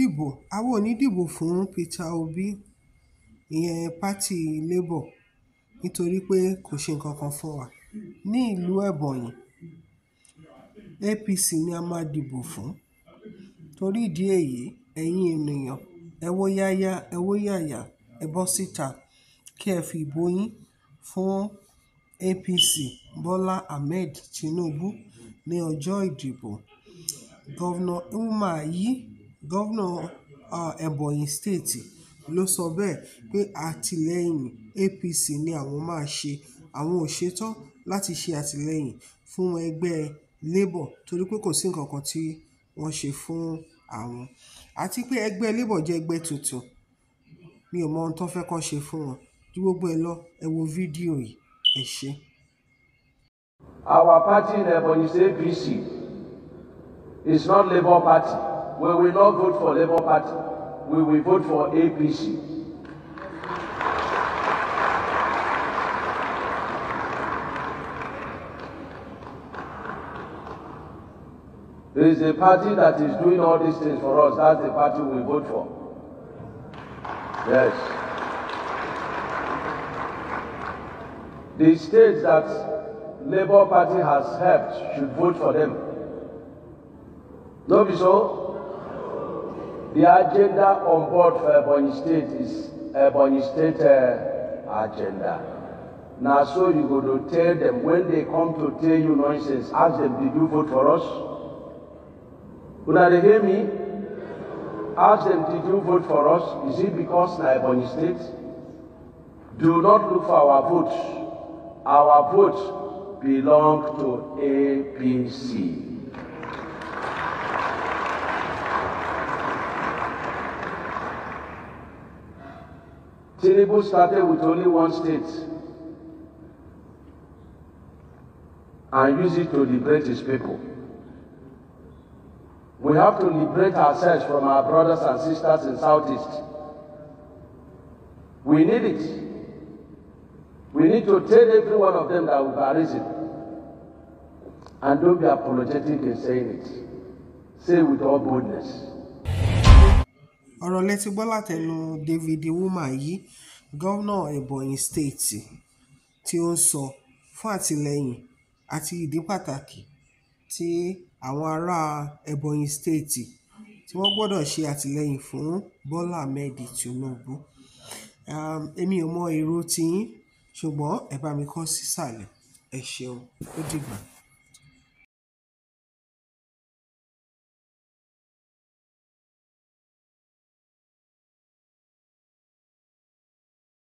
dìbò, àwa ò ní dìbò fún Peter Obi, ìyẹn party Labour, nítorí pé kò ṣe nǹkan kan fún wa. Ní ìlú Ebonyi, APC ni a máa dìbò fún. Torí ìdí èyí, ẹ̀yin ènìyàn, ẹ wó yáyá, ẹ wó yàyà, ẹ bọ́ síta kí ẹ fi ìbò yín fún APC Bola Ahmed Tinubu ní ọjọ́ ìdìbò. Governor Umahi. Gọ́vnà Ebonyi State ló sọ bẹ́ẹ̀ pé àtìlẹ́yìn APC ni àwọn máa ṣe, àwọn ò ṣetán láti ṣe àtìlẹ́yìn fún ẹgbẹ́ Labour torí pé kò sí nǹkan kan tí wọ́n ṣe fún àwọn. Àti pé ẹgbẹ́ Labour jẹ́ ẹgbẹ́ tuntun, mi ò mọ ohun tó fẹ́ kan ṣe fún wọn. Ju gbogbo ẹ lọ, ẹ wo fídíò yìí, ẹ ṣé. Our party in Ebonyi State BC is not Labour Party. we will not vote for Labour Party. We will vote for APC. There is a party that is doing all these things for us. That's the party we vote for. Yes. The states that Labour Party has helped should vote for them. No, be so. The agenda on board for Ebonyi State is Ebonyi State uh, agenda. Now, so you go to tell them when they come to tell you nonsense, ask them, Did you vote for us? Una they hear me? Ask them, Did you vote for us? Is it because na Ebonyi State? Do not look for our votes. Our votes belong to APC. Tinubu started with only one state and used it to liberate his people. We have to liberate ourselves from our brothers and sisters in Southeast. We need it. We need to tell every one of them that we are risen. And don't be apologetic in saying it. Say it with all boldness ọ̀rọ̀ lẹ ti gbọ́ látẹnu David Uwuma yìí gómìnà Ebonyi State tí ó ń sọ fún àtìlẹ́yìn àti ìdí pàtàkì tí àwọn ará Ebonyi State tí wọ́n gbọ́dọ̀ ṣe àtìlẹ́yìn fún Bọ́lá Ahmed Tinubu èmi ò mọ èrò tiyín ṣùgbọ́n ẹ mi kọ sísàlẹ̀ ẹ ó dìgbà.